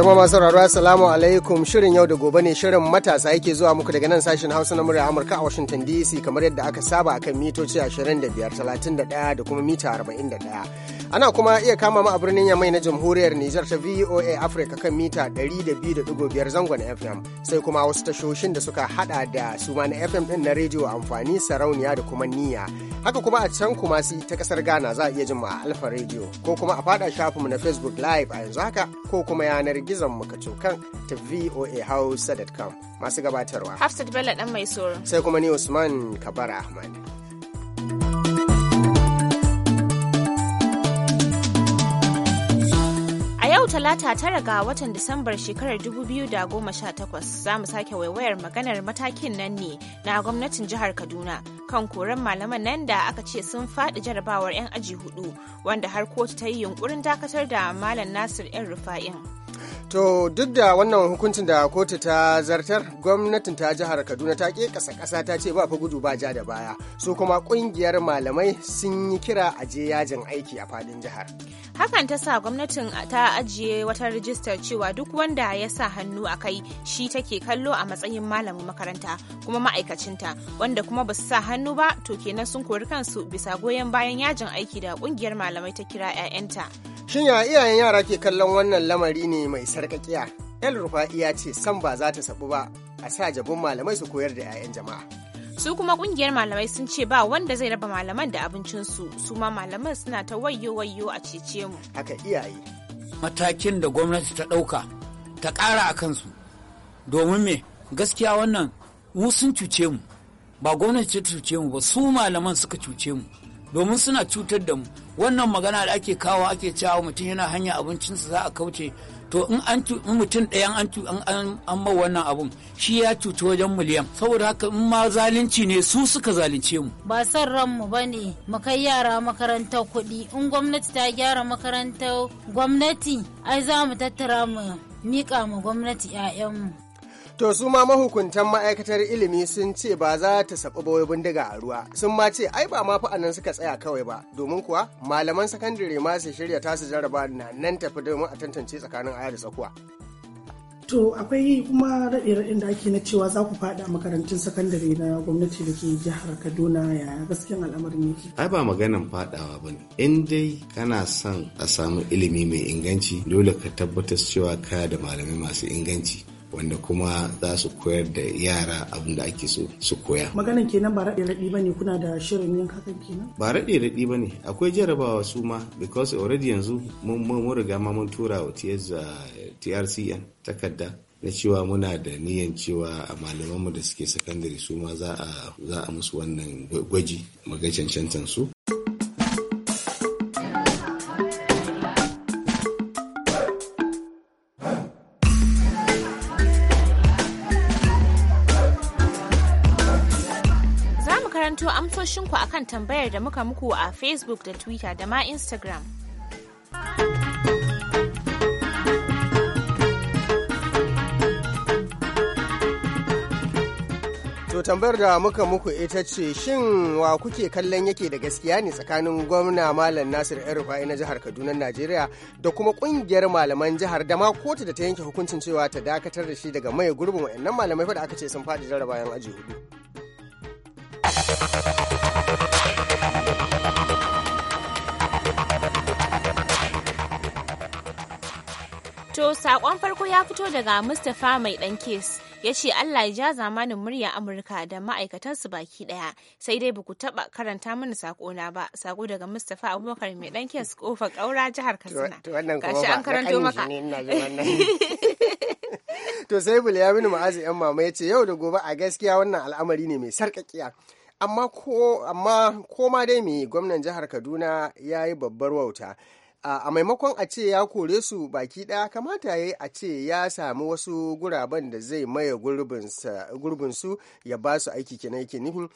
Jama'a masu sauraro Assalamu alaikum shirin yau da gobe ne shirin matasa yake zuwa muku daga nan sashen Hausa na murya Amurka a Washington DC kamar yadda aka saba akan mitoci 25, 31 da kuma mita 41. Ana kuma iya kama mu a birnin Yamai na Jamhuriyar Nijar ta VOA Africa kan mita 102.5 zangon FM sai kuma wasu tashoshin da suka hada da suma na FM din na rediyo amfani sarauniya da kuma niyya. Haka kuma a can kuma si ta kasar Ghana za a iya jin mu a Alfa Radio ko kuma a fada shafinmu na Facebook Live a yanzu haka ko kuma yanar gizon mu kacokan ta voahausa.com masu gabatarwa. Hafsat Bello dan mai soro. Sai kuma ni Usman Kabar Ahmad. talata tara ga watan Disambar shekarar 2018 za mu sake waiwayar maganar matakin nan ne na gwamnatin jihar Kaduna kan koren malaman nan da aka ce sun faɗi jarabawar 'yan aji hudu wanda har kotu ta yi yunkurin dakatar da Malam Nasir 'yan Rufa'in. To duk da wannan hukuncin da kotu ta zartar gwamnatin ta jihar Kaduna ta ke ƙasa ƙasa ta ce ba fa gudu ba ja da baya su kuma ƙungiyar malamai sun yi kira a je yajin aiki a fadin jihar. Hakan ta sa gwamnatin ta ajiye wata rijistar cewa duk wanda ya sa hannu a kai shi take kallo a matsayin malamin makaranta kuma ma'aikacinta wanda kuma ba su sa hannu ba to kenan sun kori kansu bisa goyon bayan yajin aiki da ƙungiyar malamai ta kira 'ya'yanta. Shin ya iyayen yara ke kallon wannan lamari ne mai sarkakiya el rufa'i ya ce san ba za ta sabu ba a sa jabun malamai su koyar da 'ya'yan jama'a su kuma kungiyar malamai sun ce ba wanda zai raba malaman da abincinsu su ma malaman suna ta wayo wayo a cece mu haka iyaye matakin da gwamnati ta ɗauka ta ƙara a kansu domin me gaskiya wannan mu sun cuce mu ba gwamnati ta cuce mu ba su malaman suka cuce mu domin suna cutar da mu wannan magana da ake kawo ake cewa mutum yana hanya abincinsa za a kauce to in mutum ɗaya an ma wannan abun shi ya cuci wajen miliyan saboda haka in ma zalunci ne su suka zalunce mu ba san ranmu bane mu kai yara makarantar kuɗi in gwamnati ta gyara makarantar gwamnati ai za mu tattara mu mika ma gwamnati 'ya'yanmu To su ma mahukuntan ma'aikatar ilimi sun ce ba za ta saɓa bawai bindiga a ruwa. Sun ma ce ai ba ma fa anan suka tsaya kawai ba, domin kuwa malaman sakandare ma su shirya tasu jaraba na nan tafi domin a tantance tsakanin aya da tsakuwa. To akwai kuma raɗe-raɗin da ake na cewa za ku faɗa makarantun sakandare na gwamnati da ke jihar Kaduna ya gaskiyan al'amarin yake. Ai ba maganan faɗawa ba ne. In dai kana son a samu ilimi mai inganci dole ka tabbatar cewa kaya da malamai masu inganci. wanda kuma za su koyar da yara abin da ake so su koya. Maganin kenan ba raɗe raɗi bane kuna da shirin yin hakan kenan? Ba raɗe raɗi bane akwai jarabawa su ma because already yanzu mun riga ma mun tura wa TRCN uh, takarda na cewa muna da niyan cewa a malamanmu da suke sakandare su ma za a musu wannan gwaji maga cancantan su karanto amsoshinku akan tambayar da muka muku a Facebook da Twitter da ma Instagram. To tambayar da muka muku ita ce shin wa kuke kallon yake da gaskiya ne tsakanin gwamna Malam Nasir Rufai na jihar Kaduna Najeriya da kuma kungiyar malaman jihar da ma kotu da ta yanke hukuncin cewa ta dakatar da shi daga mai gurbin wayannan malamai fa da aka ce sun faɗi jarabayan aji hudu. To sakon farko ya fito daga Mustapha mai ɗan kes ya ce Allah ya ja zamanin murya Amurka da ma'aikatansu baki ɗaya sai dai ba ku taɓa karanta mana sakona ba sako daga Mustapha Abubakar mai ɗan kes ƙofa ƙaura jihar Katsina. To wannan kuma ba an karanto maka. To sai Bulyaminu Ma'azu 'yan mama ya ce yau da gobe a gaskiya wannan al'amari ne mai sarƙaƙiya. amma ko ma dai me gwamnan jihar kaduna ya yi babbar wauta a maimakon a ce ya kore su baki ɗaya kamata ya a ce ya sami wasu guraben da zai maye gurbin su ya ba su aiki kina yake nufin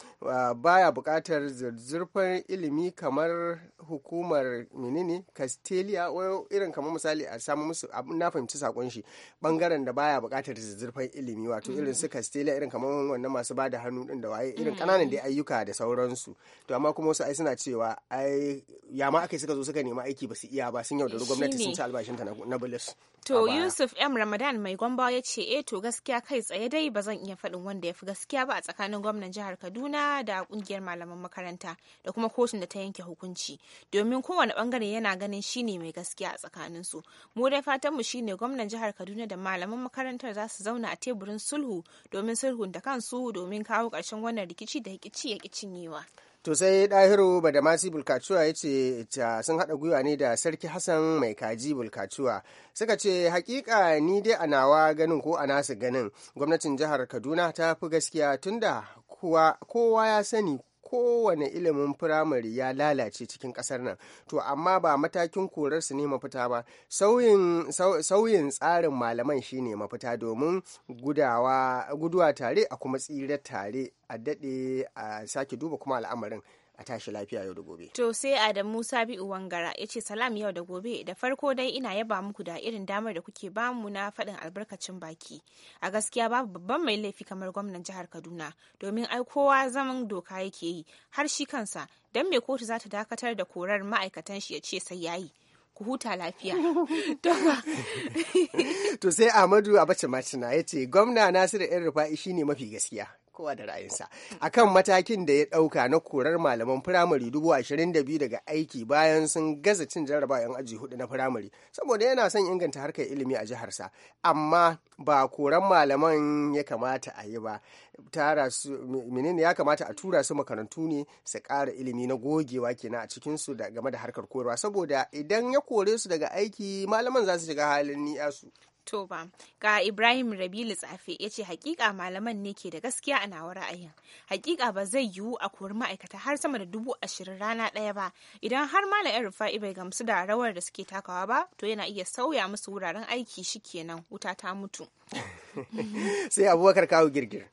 baya buƙatar zurfin ilimi kamar hukumar menene castelia irin kamar misali a samu musu na fahimci sakon shi bangaren da baya buƙatar zurfin ilimi wato mm. irin su castelia irin kamar wannan masu ba da hannu din da waye irin kananan mm. dai ayyuka da sauransu to amma kuma wasu ai suna cewa ai ya ma aka suka zo suka nemi aiki ba su iya ba sun yaudari gwamnati sun ci albashinta na bulus to yusuf m ramadan mai gwamba ya ce eh to gaskiya kai tsaye dai ba zan iya faɗin wanda ya fi gaskiya ba a tsakanin gwamnan jihar kaduna da kungiyar malaman makaranta da kuma kotun da ta yanke hukunci domin kowane bangare yana ganin shine mai gaskiya a tsakanin su mu dai fatanmu shine gwamnan jihar kaduna da malaman makarantar za su zauna a teburin sulhu domin sulhun da kansu domin kawo ƙarshen wannan rikici da rikici ya ƙi cinyewa to sai ɗahiru badamasi bulkacuwa ya ce sun haɗa gwiwa ne da sarki hassan mai kaji bulkacuwa suka ce hakika ni dai a nawa ganin ko a nasu ganin gwamnatin jihar kaduna ta fi gaskiya tunda kowa ya sani kowane ilimin firamare ya lalace cikin ƙasar nan to amma ba matakin korar su ne mafita ba sauyin tsarin malaman shine mafita domin gudawa guduwa tare a kuma tsira tare a daɗe a sake duba kuma al'amarin a tashi lafiya yau da gobe. To sai Adamu Sabi'u Wangara ya ce salam yau da gobe da farko dai ina yaba muku da irin damar da kuke bamu na faɗin albarkacin baki. A gaskiya babu babban mai laifi kamar gwamnan jihar Kaduna domin ai kowa zaman doka yake yi har shi kansa dan mai kotu za ta dakatar da korar ma'aikatan shi ya ce sai yayi. ku huta lafiya. to sai Ahmadu Abacha Macina ya ce gwamna Nasiru ‘yan rufa'i shine mafi gaskiya kowa da ra'ayinsa akan matakin da ya ɗauka na korar malaman firamare dubu ashirin da biyu daga aiki bayan sun gaza cin yan aji hudu na firamare saboda yana son inganta harkar ilimi a jiharsa amma ba koran malaman ya kamata a yi ba tara su menene ya kamata a tura su makarantu ne su ƙara ilimi na gogewa kenan a cikin su da game da harkar koyarwa saboda idan ya kore su daga aiki malaman za su shiga halin ni'a su To ba, ga Ibrahim Rabilu Tsafe ya ce hakika malaman ne ke da gaskiya a nawa ra'ayin. Hakika ba zai yiwu a kori ma'aikata har sama da dubu ashirin rana ɗaya ba. Idan har Malam rufa'i bai gamsu da rawar da suke takawa ba, to yana iya sauya musu wuraren aiki shi kenan wuta ta mutu. Sai abubakar kawo girgir.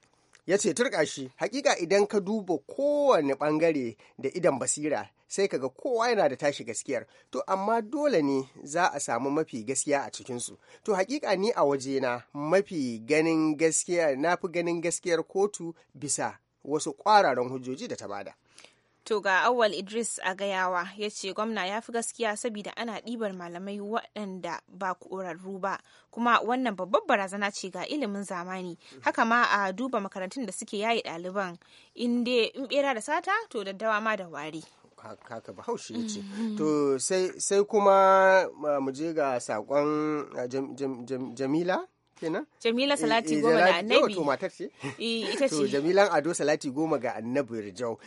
ya ce turka shi hakika idan ka duba kowane bangare da idan basira sai kaga kowa yana da tashi gaskiyar to amma dole ne za a samu mafi gaskiya a cikinsu to hakika ni a wajena mafi ganin gaskiya na fi ganin gaskiyar kotu bisa wasu kwararan hujjoji da ta bada To ga Awal Idris a gayawa ya ce gwamna ya fi gaskiya saboda ana ɗibar malamai waɗanda ba ƙorarru ba kuma wannan babbar barazana ce ga ilimin zamani haka ma a duba makarantun da suke yayi ɗaliban in bera da sata to daddawa ma da wari. haka haushi ya ce mm-hmm. to sai kuma mu je ga sakon eh, jamila jamila eh, salati eh, goma ga annabi Jamila jamilan ado salati goma ga annabi rijau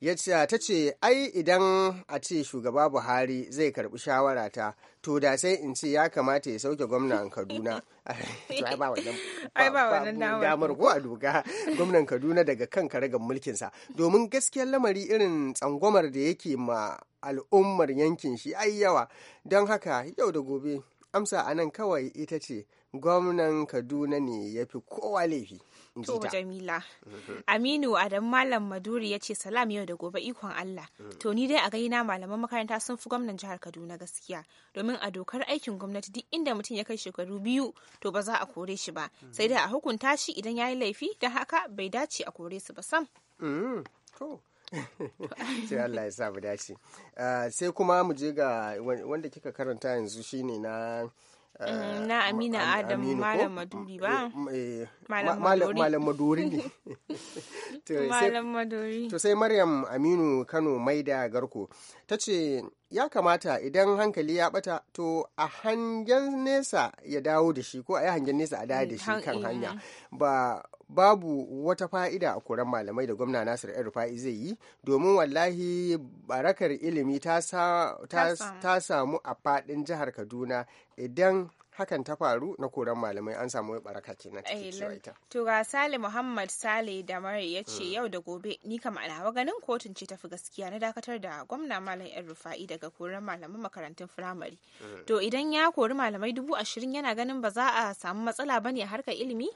ya ta ce ai idan a ce shugaba buhari zai karbi shawara ta to da sai in ce ya kamata ya sauke gwamnan kaduna ai ba wannan damar ko a doka gwamnan kaduna daga kan karagar mulkinsa domin gaskiyar lamari irin tsangwamar da yake ma al'ummar yankin shi ai yawa don haka yau da gobe amsa anan kawai ita ce gwamnan kaduna ne ya fi kowa laifi To Jamila. Mm-hmm. Aminu Adam Malam Maduri ya ce salam yau da gobe ikon Allah. Mm. To ni dai a gaina malaman makaranta sun fi gwamnan jihar Kaduna gaskiya. Domin a dokar aikin gwamnati duk inda mutum ya kai shekaru biyu to ba za a kore shi ba. Mm. Sai dai a hukunta shi idan ya yi laifi da haka bai dace a kore su ba sam. Mm. sai Allah ya sa dace ah, sai kuma mu je ga wanda kika karanta yanzu shine na Eh, mm, na amina adam malam maduri ba eh, eh, malam maduri ne to sai maryam aminu kano maida garko ta ce ya kamata idan hankali ya bata to a hangen nesa ya dawo da shi ko a yi hangen nesa a dawo da shi mm, kan hanya ba babu wata fa'ida a koren malamai da gwamna nasir el rufa'i zai yi domin wallahi barakar ilimi ta samu a faɗin jihar kaduna idan hakan ta faru na koran malamai an samu baraka ke na eh, To ga Sale Muhammad Sale da mare ya ce hmm. yau da gobe ni kam alawa ganin kotun ce tafi gaskiya na dakatar da gwamna malam yan rufa'i daga koran malamai makarantun firamare. Hmm. To idan ya kori malamai dubu ashirin yana ganin ba za a samu matsala ba ne a harkar ilimi?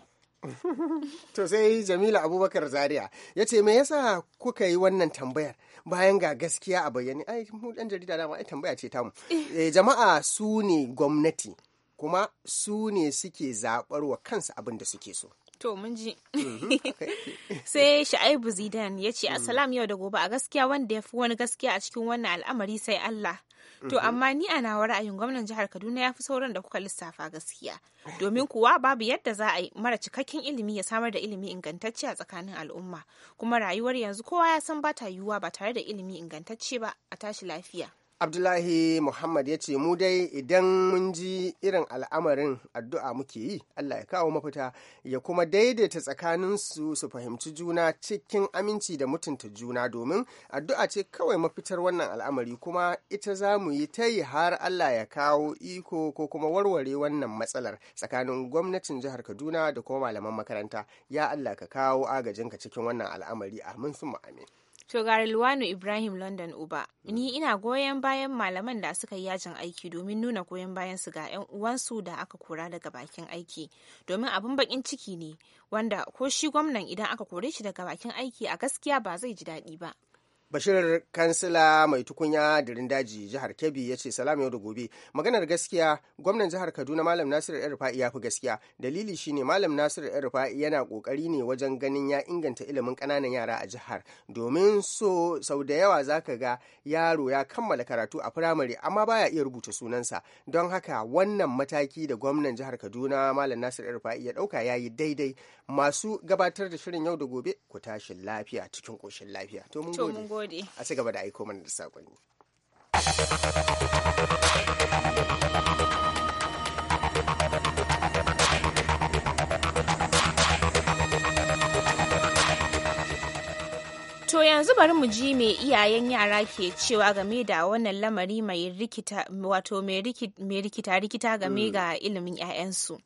to sai jamila abubakar zaria ya ce me yasa kuka yi wannan tambayar bayan ga gaskiya a bayyane ai mu dan jarida dama ai tambaya ce tamu e, jama'a su ne gwamnati kuma su ne suke zaɓar wa kansu abin da suke so to mun ji mhm. sai sha'ibu zidan ya ce mm. asalam yau da gobe a gaskiya wanda ya fi wani gaskiya a cikin wannan al'amari sai allah To mm-hmm. amma ni a nawa ra'ayin gwamnan jihar Kaduna ya fi sauran da kuka lissafa gaskiya. Domin kuwa babu yadda za a yi mara cikakken ilimi ya samar da ilimi ingantacce a tsakanin al'umma. Kuma rayuwar yanzu kowa ya san ba ta yiwuwa ba tare da ilimi ingantacce ba a tashi lafiya. abdullahi muhammad ya ce mu dai idan mun ji irin al'amarin addu'a muke yi allah ya kawo mafita ya kuma daidaita tsakaninsu su fahimci juna cikin aminci da mutunta juna domin addu'a ce kawai mafitar wannan al'amari kuma ita za mu yi ta yi har allah ya kawo iko ko kuma warware wannan matsalar tsakanin gwamnatin jihar kaduna da kuma malaman makaranta ya allah ka kawo agajinka cikin wannan al'amari amin sun amin To luwano Ibrahim London Uba, ni mm. ina goyon bayan malaman da suka yi yajin aiki domin nuna goyon bayan su ga 'yan uwansu da aka kora daga bakin aiki. Domin abin bakin ciki ne, wanda ko shi gwamnan idan aka kore shi daga bakin aiki a gaskiya ba zai ji daɗi ba. bashir kansila mai tukunya dirin daji jihar kebbi ya ce salam yau da gobe maganar gaskiya gwamnan jihar kaduna malam nasir yan ya fi gaskiya dalili shine malam nasir yan yana kokari ne wajen ganin ya inganta ilimin kananan yara a jihar domin so sau da yawa zaka ga yaro ya kammala karatu a firamare amma baya iya rubuta sunansa don haka wannan mataki da gwamnan jihar kaduna malam nasir yan ya ɗauka ya yi daidai masu gabatar da shirin yau da gobe ku tashin lafiya cikin koshin lafiya to mun gode gode. A ci gaba da aiko mana da saƙonni. To yanzu bari mu ji me iyayen yara ke cewa game da wannan lamari mai rikita wato mai rikita rikita game mm. ga ilimin 'ya'yansu.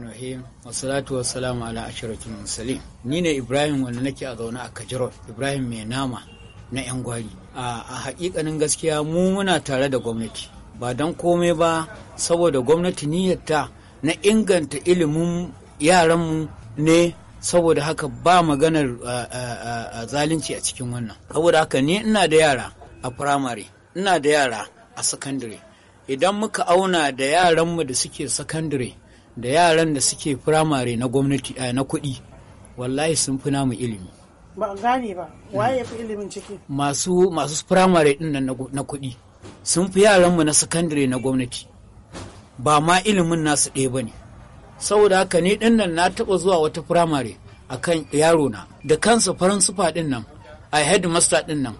Rahim wassalatu wassalamu ala ashiratul mursalin ni ne Ibrahim wanda nake a zaune a Kajirot Ibrahim mai nama na yan gwari a haƙiƙanin gaskiya mu muna tare da gwamnati ba don komai ba saboda gwamnati niyyarta na inganta ilimin yaranmu ne saboda haka ba maganar zalunci a cikin wannan saboda haka ni ina da yara a firamare ina da yara a sakandare idan muka auna da yaranmu da suke sakandare da yaran da suke firamare na gwamnati eh, na kuɗi wallahi sun fi namu ilimi ba gane ba waye fi ilimin ciki masu masu firamare din nan na kuɗi sun fi yaranmu na sakandare na gwamnati ba ma ilimin nasu ɗaya ba ne saboda haka ni ɗin nan na taɓa zuwa wata firamare akan yaro na da kansa faransufa ɗin nan a headmaster ɗin nan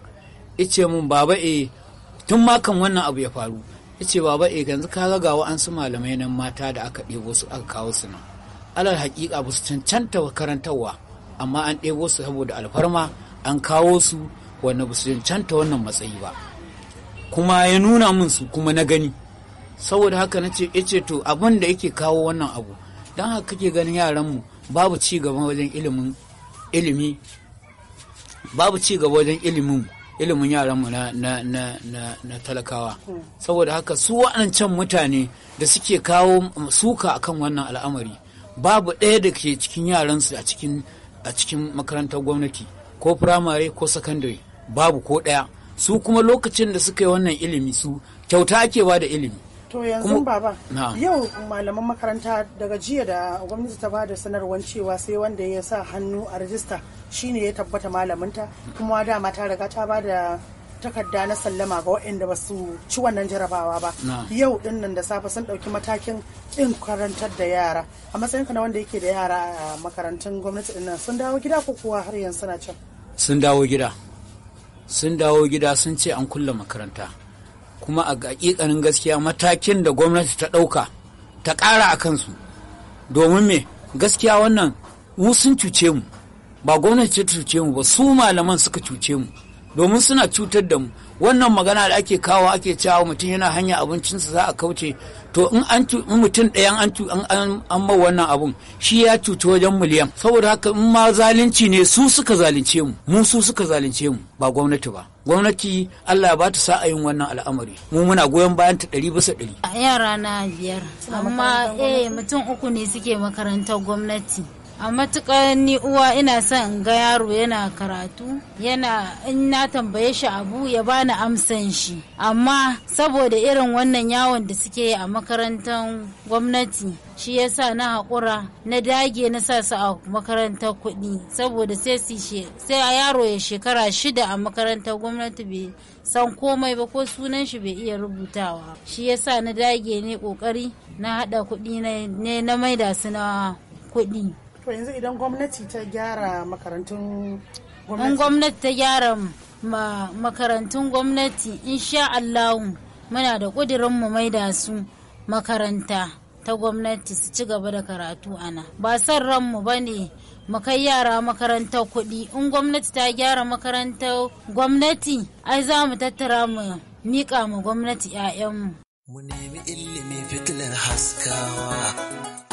ice mun baba e tun makan wannan abu ya faru ya ce baba e yanzu ka ga gawa an su malamai nan mata da aka ɗebo su aka kawo su nan alal haƙiƙa ba su cancanta wa karantarwa amma an ɗebo su saboda alfarma an kawo su wanda ba su cancanta wannan matsayi ba kuma ya nuna min su kuma na gani saboda haka na ce ce to abin da yake kawo wannan abu don haka kake ganin yaran babu ci gaba wajen ilimin ilimi babu ci gaba wajen ilimin mu. ilimin yaranmu na, na, talakawa hmm. saboda haka su waɗancan mutane da suke kawo suka akan wannan al'amari babu ɗaya da ke cikin yaransu a cikin a cikin makarantar gwamnati ko firamare ko sakandare babu ko ɗaya su kuma lokacin da suka yi wannan ilimi su kyauta ake ba da ilimi to yanzu baba yau malaman makaranta daga jiya da gwamnati ta bada sanarwar cewa sai wanda ya sa hannu a rajista shine ya tabbata malaminta kuma dama ta riga ta bada takarda na sallama ga waɗanda ba su ci wannan jarabawa ba yau din nan da safe sun ɗauki matakin ƙin karantar da yara a matsayinka na wanda yake da yara a makarantun gwamnati din sun dawo gida ko kuwa har yanzu suna can sun dawo gida sun dawo gida sun ce an kulle makaranta kuma a ƙiƙanin gaskiya matakin da gwamnati ta ɗauka ta ƙara a kansu domin me gaskiya wannan mu sun cuce mu ba gwamnati ta cuce mu ba su malaman suka cuce mu domin suna cutar da mu wannan magana da ake kawo ake cewa mutum yana hanya abincinsa za a kauce to in an mutum ɗaya an an ma wannan abun shi ya cuci wajen miliyan saboda haka in ma zalunci ne su suka zalunce mu mu su suka zalunce mu ba gwamnati ba gwamnati Allah ba ta yin wannan al'amari mu muna goyon bayan ta ɗari bisa ɗari. yara na biyar amma eh mutum uku ne suke makarantar gwamnati a matuƙar ni uwa ina son in ga yaro yana karatu yana in na tambaye shi abu ya bani amsan shi amma saboda irin wannan yawon da suke yi a makarantar gwamnati shi yasa na haƙura na dage na sa su a makarantar kuɗi saboda sai sai yaro ya shekara shida a makarantar gwamnati bai san komai ba ko sunan shi bai iya rubutawa shi yasa na dage ne ƙoƙari na haɗa kuɗi ne na maida su na kuɗi to idan gwamnati ta gyara makarantun gwamnati makarantun gwamnati insha Allahu muna da ƙudurin mu da su makaranta ta gwamnati su ci gaba da karatu ana ba son ranmu ba ne mu kai yara makarantar kuɗi in gwamnati ta gyara makarantar gwamnati ai za mu tattara mu mika mu gwamnati 'ya'yanmu mu nemi ilimi fitilar haskawa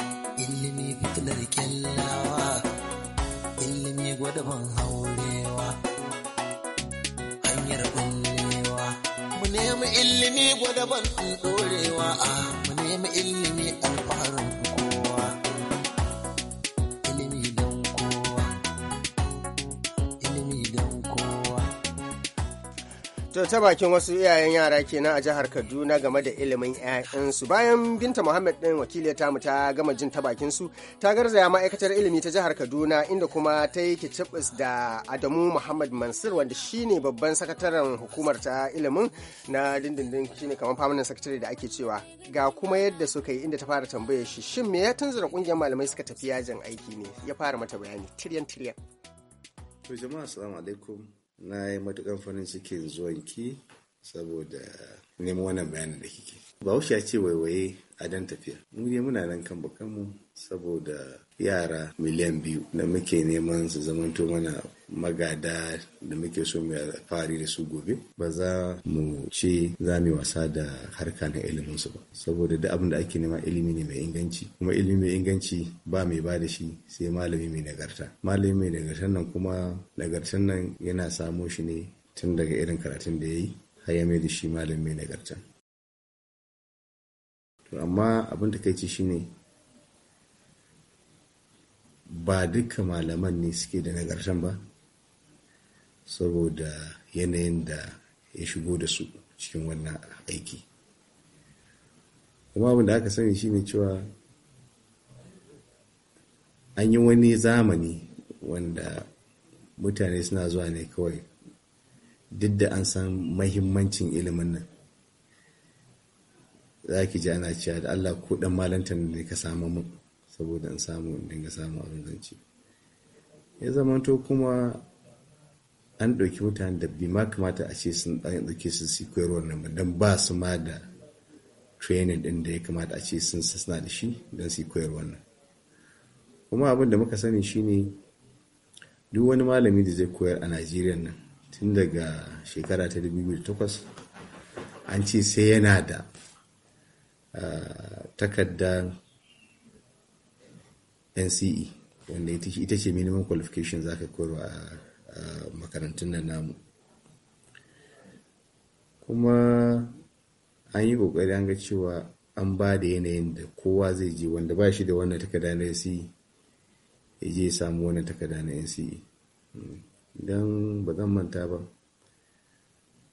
ilimi fitilar kyallawa ilimi gwadabin haurewa hanyar kullewa mu nemi ilimi gwadabin dorewa ah, mu nemi ilimi alfaharin To ta bakin wasu iyayen yara kenan a jihar Kaduna game da ilimin 'ya'yansu. Bayan Binta Muhammad ɗin ta mu ta gama jin ta bakin su, ta garzaya ma'aikatar ilimi ta jihar Kaduna inda kuma ta yi kicibis da Adamu Muhammad Mansur wanda shine babban sakataren hukumar ta ilimin na dindindin shine kamar famanin sakatare da ake cewa. Ga kuma yadda suka yi inda ta fara tambayar shi shin me ya tunzura kungiyar malamai suka tafi yajin aiki ne? Ya fara mata bayani tiryan tiryan. To jama'a assalamu alaikum. na yi matukan farin cikin zuwanki saboda neman wannan bayanin da kike. Bahaushe ya ce waiwaye a dan tafiya. Mu ne muna nan kan bakanmu saboda yara miliyan biyu da muke neman su zamanto mana magada da muke so mu fari da su gobe ba za mu ce za mu wasa da harka na ilimin su ba saboda duk abin da ake nema ilimi ne mai inganci kuma ilimi mai inganci ba mai ba da shi sai malami mai nagarta malami mai nagartar nan kuma nagartan nan yana samo shi ne tun daga irin karatun da ya yi har ya mai da shi malami mai nagarta to amma abin da kai ci shine ba duka malaman ne suke da nagartan ba saboda yanayin da ya shigo da su cikin wannan aiki kuma abin da aka sani shine cewa an yi wani zamani wanda mutane suna zuwa ne kawai duk da an san mahimmancin ilimin nan za ki ji ana cewa da allah ko malantar da ka samu mun saboda in samu in dinga samun abin zanci ya zamanto kuma an ɗauki mutane da bi ma kamata a ce sun ɗauke su su koyarwar nan don ba su ma da training ɗin da ya kamata a ce sun sasna da shi don su koyarwar nan kuma abin da muka sani shine duk wani malami da zai koyar a najeriya nan tun daga shekara ta 2008 an ce sai yana da ah, takardar nce wanda ita ce minimum qualification za ka koyarwa a makarantun nan namu kuma an yi kokari an ga cewa an ba da yanayin da kowa zai je wanda ba shi da wannan takarda na nce ya je ya samu wannan takarda na nce don ba zan manta ba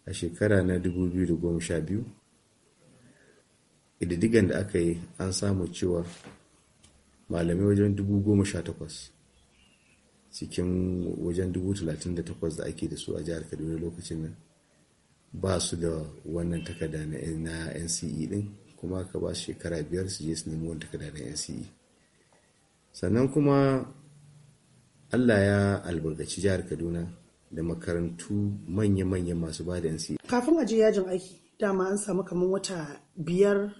a shekara na 2012 ididdigan da aka yi an samu cewa malamai wajen dubu goma sha takwas cikin wajen dubu talatin da takwas da ake da su a jihar kaduna lokacin nan ba su da wannan takarda na nce din kuma ka ba su shekara biyar su je su nemi wani takarda na nce sannan kuma allah ya albarkaci jihar kaduna da makarantu manya-manya masu ba da nce kafin a je yajin aiki dama an samu kamar wata biyar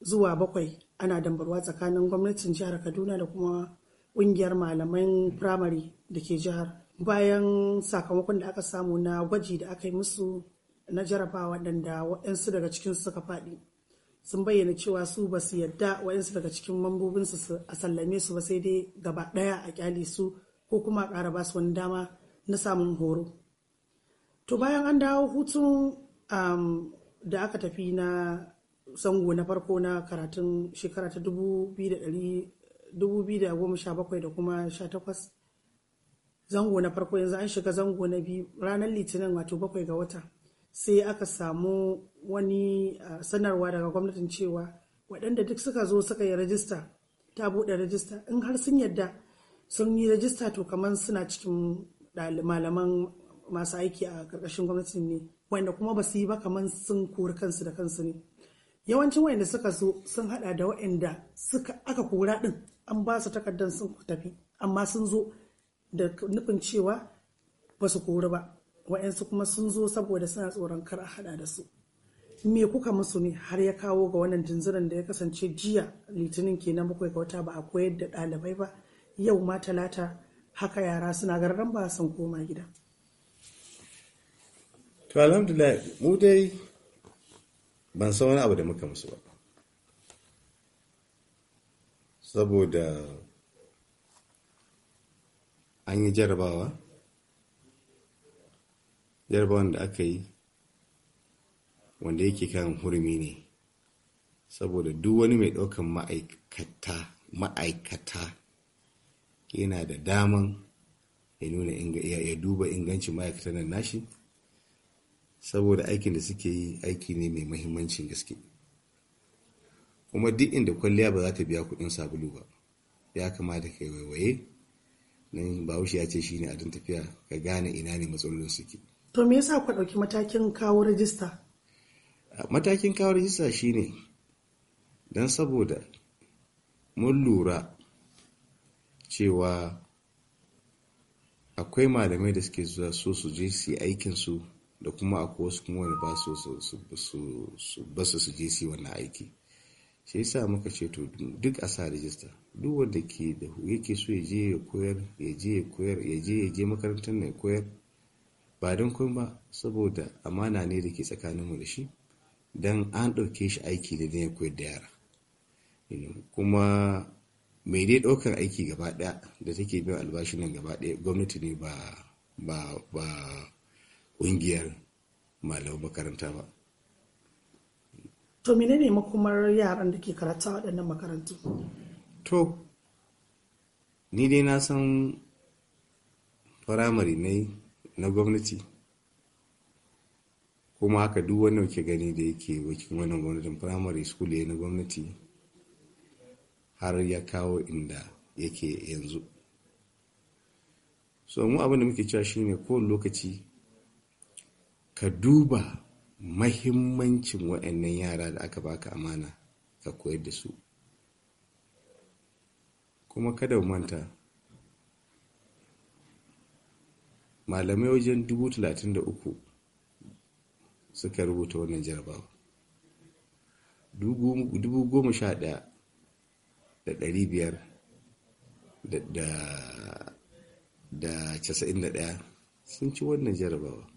zuwa bakwai ana dambarwa tsakanin gwamnatin jihar kaduna da kuma ƙungiyar malaman firamare da ke jihar bayan sakamakon da aka samu na gwaji da aka yi musu na jarabawa waɗanda waɗansu daga cikin suka faɗi sun bayyana cewa su ba su yadda waɗansu daga cikin mambobinsu su a sallame su ba sai dai gaba ɗaya a kyale su ko kuma a ƙara ba su wani dama na samun horo to bayan an dawo hutun um, da aka tafi na zango na farko na karatun shekara ta 2017 da kuma 18 zango na farko yanzu an shiga zango na biyu ranar litinin wato bakwai ga wata sai aka samu wani sanarwa daga gwamnatin cewa waɗanda duk suka zo suka yi rajista ta buɗe rajista in har sun yadda sun yi rajista to kamar suna cikin malaman masu aiki a ƙarƙashin gwamnatin ne wanda kuma ba su yi ba kamar sun kori kansu da kansu ne yawancin wayanda suka zo sun hada da wayanda suka aka kora din an ba su takardar sun tafi amma sun zo da nufin cewa ba su kori ba wayansu kuma sun zo saboda suna tsoron kar a hada da su me kuka musu ne har ya kawo ga wannan jinzirin da ya kasance jiya litinin kenan bakwai ga wata ba a koyar da ɗalibai ba yau ma talata haka yara suna garan ba sun koma gida to alhamdulillah mu dai ban san wani abu da muka musu ba saboda an yi jarabawa jarabawan da aka yi wanda yake kan hurumi ne saboda duk wani mai ɗaukan ma'aikata ma'aikata yana da daman ya nuna ya duba ingancin ma'aikatan nashi saboda aikin da suke yi aiki ne mai mahimmancin gaske kuma duk inda kwalliya ba za ta biya kuɗin sabulu ba ya kamata ka waiwaye nan bahaushe ya ce shi ne adin tafiya ka gane ina ne matsalolin suke to me yasa ku ɗauki matakin kawo rajista matakin kawo rajista ne, don saboda mun lura cewa akwai malamai da suke zuwa so su je su yi aikinsu da kuma a wasu kuma wani ba su basu su je su wannan aiki shi yasa muka ce to duk a sa rijista duk wanda ke da yake so ya je ya koyar ya je ya koyar ya je ya je makarantar na ya koyar ba don kun ba saboda amana ne da ke tsakanin mu da shi don an ɗauke shi aiki ne don ya koyar da yara kuma mai dai ɗaukar aiki gaba ɗaya da take biyan albashin nan gaba ɗaya gwamnati ne ba ba ba ƙungiyar malaman makaranta ba. To menene makomar yaran da ke karatu waɗannan makarantu? To, ni dai na san firamare ne na gwamnati kuma haka duk wanda ke gani da yake wakilin wannan gwamnatin firamare school ya na gwamnati har ya kawo inda yake yanzu so mu abin da muke cewa shine kowane lokaci ka duba mahimmancin waɗannan yara da aka baka amana ka koyar da su kuma kada manta malamai wajen 33 suka rubuta wannan jarabawa da 91 sun ci wannan jarabawa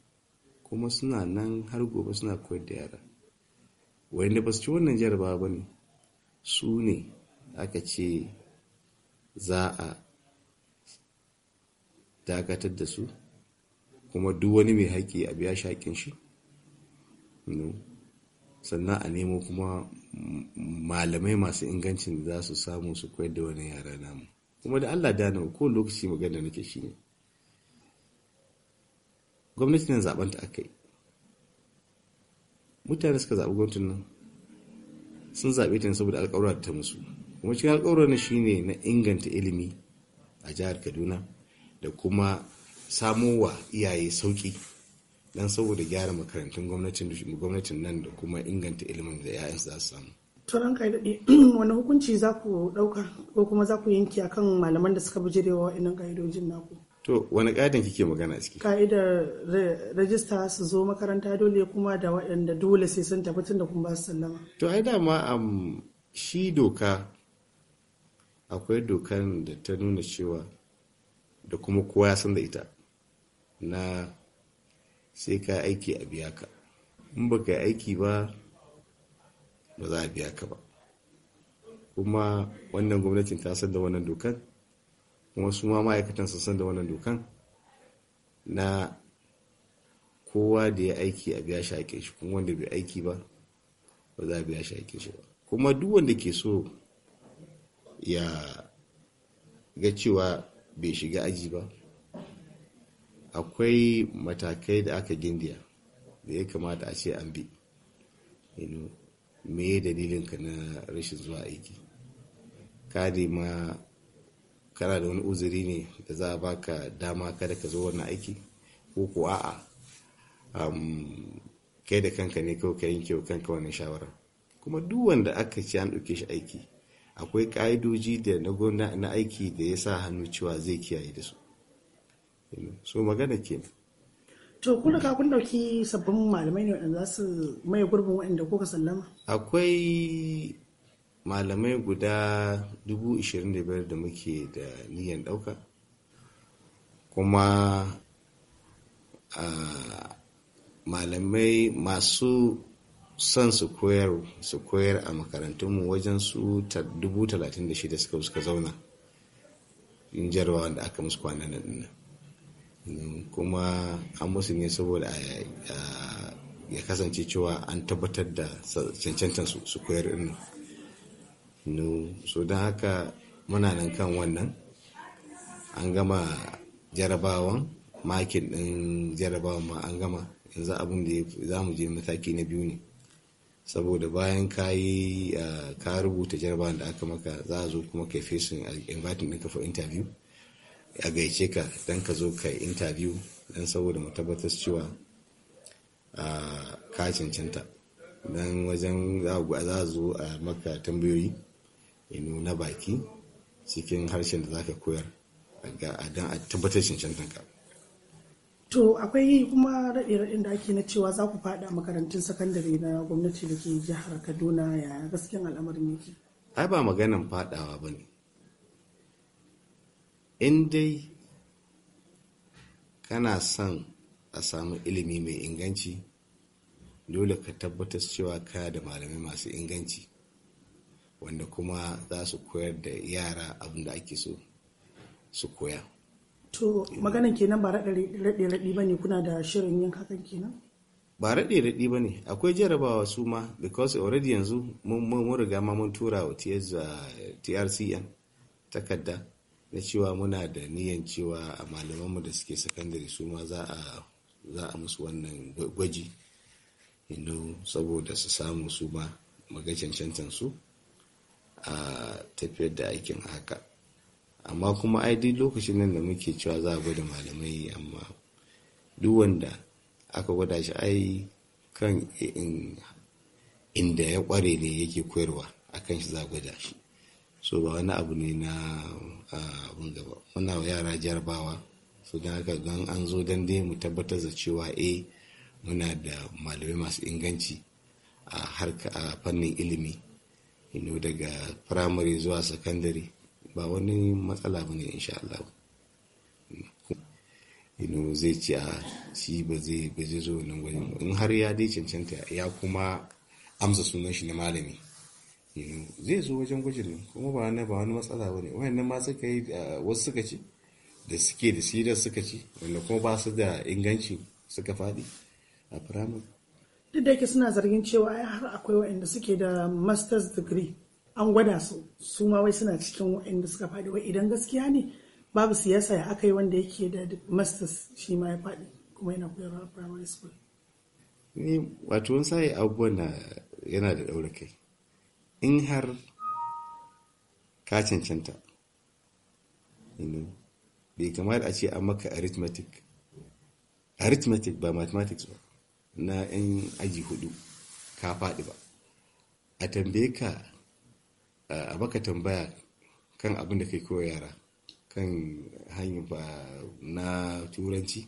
kuma suna nan har gobe suna koyar da yara wanda ba su ci wannan jarabawa ba ne su ne aka ce za a dakatar da su kuma duk wani mai haƙƙi a biya shaƙin shi sannan a nemo kuma malamai masu ingancin da za su samu su koyar da wani yara namu kuma da allah dana ko lokaci magana nake shi ne gwamnati nan zaben ta aka yi mutane suka zaɓi gwamnatin nan sun zaɓe ta saboda alƙawura da ta musu kuma cikin alƙawura na shine na inganta ilimi a jihar kaduna da kuma samo wa iyaye sauƙi don saboda gyara makarantun gwamnatin nan da kuma inganta ilimin da 'ya'yansu za su samu turan kai daɗe wani hukunci za ku ɗauka ko kuma za ku yanke akan malaman da suka bijirewa wa'annan ƙa'idojin naku To wani ƙa'idan kike magana a ciki? Ka'idar rajista su zo makaranta dole kuma da waɗanda dole sai sun tafi tun da kuma basu sallama. To ai dama um, shi doka akwai dokar da ta nuna cewa da kuma kowa ya san da ita na sai ka aiki a biya ka. In ba ka aiki ba ba za a biya ka ba. Kuma wannan gwamnatin ta san da wannan dokar kuma su ma ma'aikatan sun san da wannan dokan na kowa da ya aiki a biya shi shi kuma wanda bai aiki ba ba za a biya shi shi ba kuma duk wanda ke so ya ga cewa bai shiga aji ba akwai matakai da aka gindiya da ya kamata a ce an bi me dalilinka na rashin zuwa aiki ka ma kana da wani uzuri ne da za a baka dama kada ka zo wannan aiki ko ko a'a kai da kanka ne kawai ka yanke wa kanka wannan shawara kuma duk wanda aka ce an ɗauke shi aiki akwai ƙa'idoji da na na aiki da ya sa hannu cewa zai kiyaye da su so magana kenan to kun da kun dauki sabbin malamai ne wanda za su mai gurbin wanda ka sallama akwai malamai guda 25,000 da muke da niyan ɗauka kuma ah, malamai masu son su koyar su koyar a makarantunmu wajen su dubu talatin da shida suka suka zauna in jarwa da aka musu kwanan nan kuma an musu ne saboda ah, ya kasance cewa an tabbatar da cancantar su koyar irin no so don haka muna nan kan wannan an gama jarabawan makin ɗin jarabawan ma an gama yanzu abin da za mu je mataki na biyu ne saboda bayan ka yi ka rubuta jarabawan da aka maka za a zo kuma ka fesin inviting ɗinka for interview a gaice ka don ka zo ka interview don saboda mu tabbatar cewa ka cancanta don wajen za a zo a maka tambayoyi ya nuna baki cikin harshen da zaka koyar don a tabbatar cancantan ka. To akwai kuma raɗe-raɗin da ake na cewa za ku faɗa makarantun sakandare na gwamnati da ke jihar Kaduna ya gaskiyan al'amarin yake. Ai ba maganan faɗawa ba ne. In dai kana son a samu ilimi mai inganci dole ka tabbatar cewa kaya da malamai masu inganci. wanda kuma za su koyar da yara abin da ake so su koya. To maganin kenan ba raɗe-raɗi ba ne kuna da shirin yin hakan kenan? Ba raɗe-raɗi ba ne akwai jarabawa su ma because already yanzu mun riga ma mun tura wa TRCN uh, takarda na cewa muna da niyan cewa a malamanmu da suke sakandare su ma za a musu wannan gwaji. saboda su samu su ma maga cancantan su a tafiyar da aikin haka amma kuma ai duk lokacin nan da muke cewa za a gwada malamai amma duk wanda aka gwada shi ai kan inda ya kware ne yake koyarwa akan shi za a gwada shi so ba wani abu ne na abin gaba muna yara jarabawa su don haka don an zo don dai mu tabbatar da cewa eh muna da malamai masu inganci a harka a fannin ilimi ino daga firamare zuwa sakandare ba wani matsala bane ne insha Allah ino zai ci a ah, shi ba zai ba zai zo nan gwajin in har ya dai cancanta ya kuma amsa sunan shi na malami zai zo wajen gwajin nan kuma ba wani ba wani matsala bane ne wayannan ma suka yi ah, wasu suka ci da suke da sirar suka ci wanda kuma ba su da inganci suka fadi a firamare duk da yake suna zargin cewa ai har akwai waɗanda suke da masters degree an gwada su su ma wai suna cikin waɗanda suka faɗi wai idan gaskiya ne babu siyasa ya aka yi wanda yake da masters shi ma ya faɗi kuma yana koyarwa a primary school ni wato wani sai abubuwan na yana da ɗaura kai in har ka cancanta bai kamata a ce an maka arithmetic arithmetic ba mathematics ba na 'yan aji hudu ka faɗi ba a tambaye ka a baka tambaya kan abin da kai kowa yara kan hanyar ba na turanci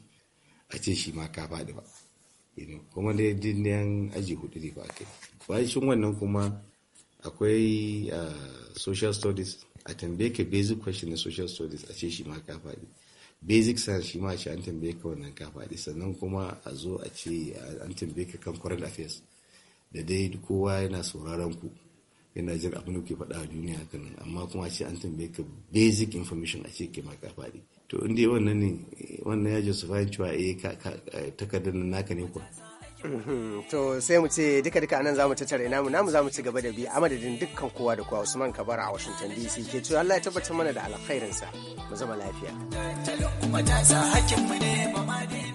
a ce shi ma ka faɗi ba kuma dai yan aji hudu ne ba a kai bayan wannan kuma akwai social studies a tambaye ka basic question na social studies a ce shi ma ka faɗi basic science shi ma ce an tambaye ka wannan ka faɗi sannan kuma a zo a ce an tambaye ka kan current affairs da dai kowa yana sauraron ku yana jin abin da ke faɗa a duniya kan amma kuma a ce an tambaye ka basic information a ce ke ma ka to in dai wannan ne wannan ya wa cewa eh, eh takardar nan naka ne kuwa to sai mu ce duka duka anan zamu tattara ina mu namu zamu ci gaba da bi a madadin dukkan kowa da kowa Usman Kabara a Washington DC ke to Allah ya tabbatar mana da alkhairinsa mu zama lafiya hakkin mu ne ba ma